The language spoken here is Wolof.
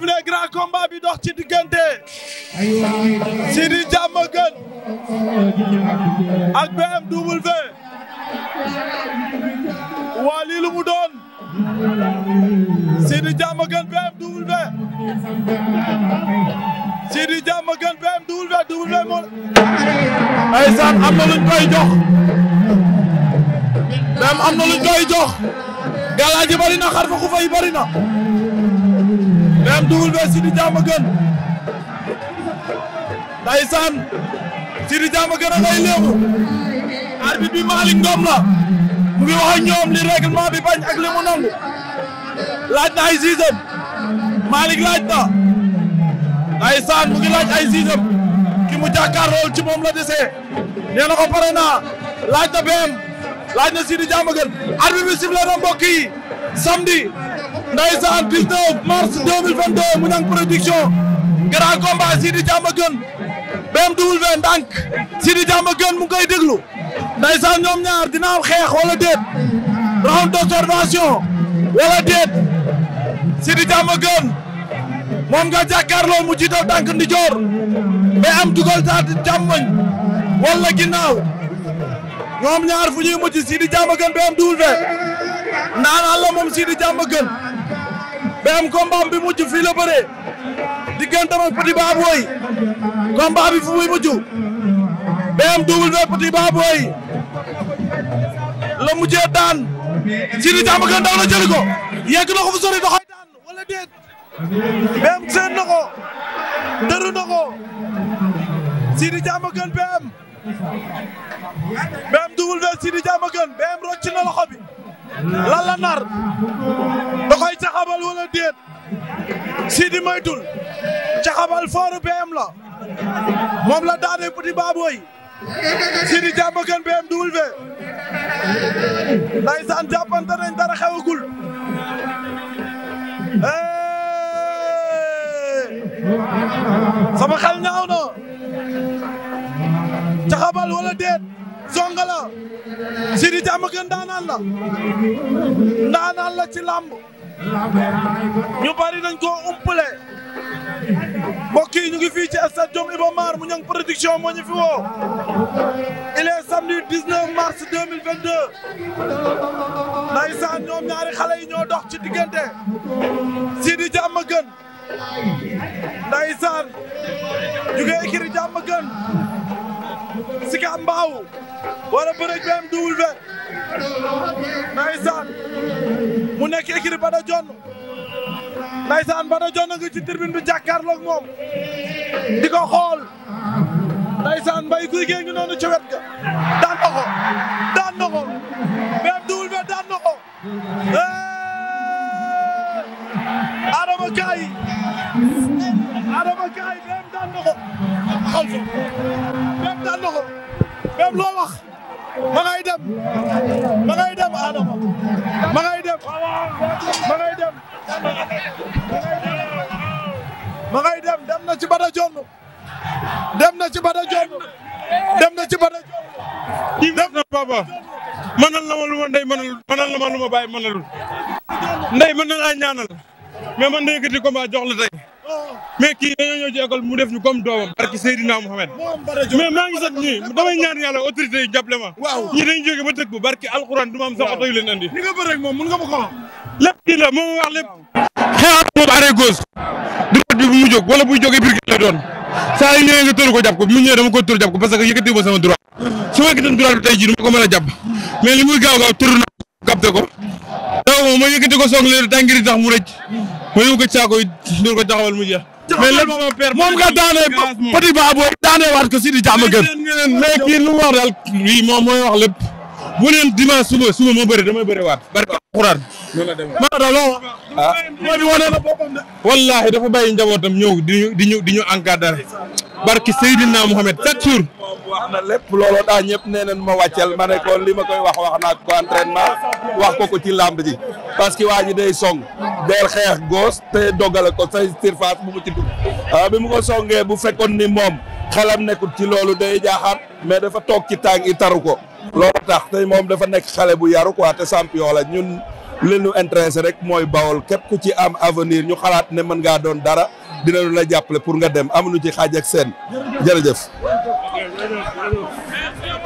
bi le grand combat bi dox ci diggante Sidi Diamaguène ak BMW waa lii lu mu doon Sidi Diamaguène BMW Sidi Diamaguène BMW BMW moom ndeysaan am na luñ koy jox même am na luñ jox galaaj yi bari xar fa ku fay bari ndeysaan Double Vé Sidi Diamaguène ndeysaan Sidi Diamaguène a bi Malick Ngom la mu ngi ñoom li règlement bi bañ ak li mu nangu laaj na ay siisam Malick laaj na ndeysaan mu ngi ay siisam ki mu jàkkaarlool ci moom la desee nee na ko pare naa laaj na BM laaj na Sidi Diamaguène arbitre bi sifflé na mbokk yi samedi ndeysaan 19 mars 2022 Mouniang production grand combat Sidi Diamaguène BMW ndànk Sidi Diamaguène mu ngi koy déglu ndeysaan ñoom ñaar dina am xeex wala déet round d'observation wala déet Sidi Diamaguène moom nga jàkkaarloo mu jiital tànk ndi joor mais am dugal taat ñaar fu moom Sidi Diamaguène mais am combat bi mujj fii la bëree digganteem ak Petit Baboy bi fu muy mujj BMW Petit Baboy la mujjee daan Sidi Diamaguène daw na jëli ko yegg fu sori doxay daan wala déet BM seen na ko dëru na ko Sidi Diamaguène BM BMW Sidi Diamaguène BM rocc na loxo bi nar da caxabal wala déet Sidi moytul caxabal fooru BM la moom la daane Petit Baboy Sidi jàmbakan BMW ndeysaan jàppante nañ dara xewagul sama xel ñaaw na caxabal wala déet zongala Sidi jàmbakan daanaan la daanaan la ci làmb ñu bari dañ koo umpale mbokk ñu ngi fii ci stade Iba Mar mu ñang production moo ñu fi woo il est samedi 19 mars 2022 ndaysaan ñoom ñaari xale yi ñoo dox ci diggante Sidi Diamaguène ndaysaan jugee écurie Diamaguène Sika Mbaaw war a bëre BMW ndaysaan mu nekk écurie Bada Dione ndaysaan Bada Dione nga ci tribune bi jàkkaarloog moom di ko xool ndaysaan mbay guy gee ngi noonu ci wet ga daan na ko daan na ko BMW daan na Adama Kaay Adama Kaay BMW daan na ko xool fa ma ngay dem ma ngay dem Adama ma ngay dem ma ngay dem ma ngay dem dem na ci bada jonn dem na ci bada jonn dem na ci bada jonn dem na papa mënal na ma lu ma ndey mënal mënal na ma lu ma bàyyi mënalul ndey mën na laa ñaanal mais man na yëkkati combat jox la tey mais kii dañoo ñëw ci école mu def ñu comme doomam barki Seydina Mohamed mais maa ngi sot nii damay ñaan autorité yi jàppale ma waaw dañu jóge ba tëkk bu barki alxuraan du ma am sax oto yu leen kii la moom wax lépp xeexat boobu bi bu mu jóg wala buy jógee biir gi doon saa yu ñëwee nga tëru ko jàpp ko bu mu ñëwee dama ko tëru jàpp ko parce que yëkkati ba sama droit su ma yëkkati droit bi tey jii ma ko mën a jàpp mais li muy gaaw gaaw tëru na capté ko daw moom ko soog leen tàngiri tax mu ma yóbbu ko caako yi dóor ko taxawal mu jeex. mais lépp moom nga daanee petit ba boobu daanee waat ko si di jàmm gën mais kii lu mu wax daal moom mooy wax lépp. bu leen dimanche suba suba ma bëri dama bëri waat bari xuraan ma da loo ah moo di wane na boppam de wallaahi dafa bàyyi njabootam ñëw diñu diñu di ñu encadré barki Seydina Mohamed chaque jour wax na lépp looloo daa ñëpp nee nañ ma wàccel ma ne ko li ma koy wax wax naa ko entraînement wax ko ko ci làmb ji parce que waa ji day song deel xeex góos te dogale ko sa surface bu mu ci dugg ah, bi mu ko songee bu fekkoon ni moom xelam nekkul ci loolu day jaaxaan mais dafa toog ci tànk yi taru ko loolu tax tey moom dafa nekk xale bu yaru quoi te champion la ñun li ñu rek mooy bawol képp ku ci am avenir ñu xalaat ne mën ngaa doon dara dinañu la jàppale pour nga dem amuñu ci xaaj seen jërëjëf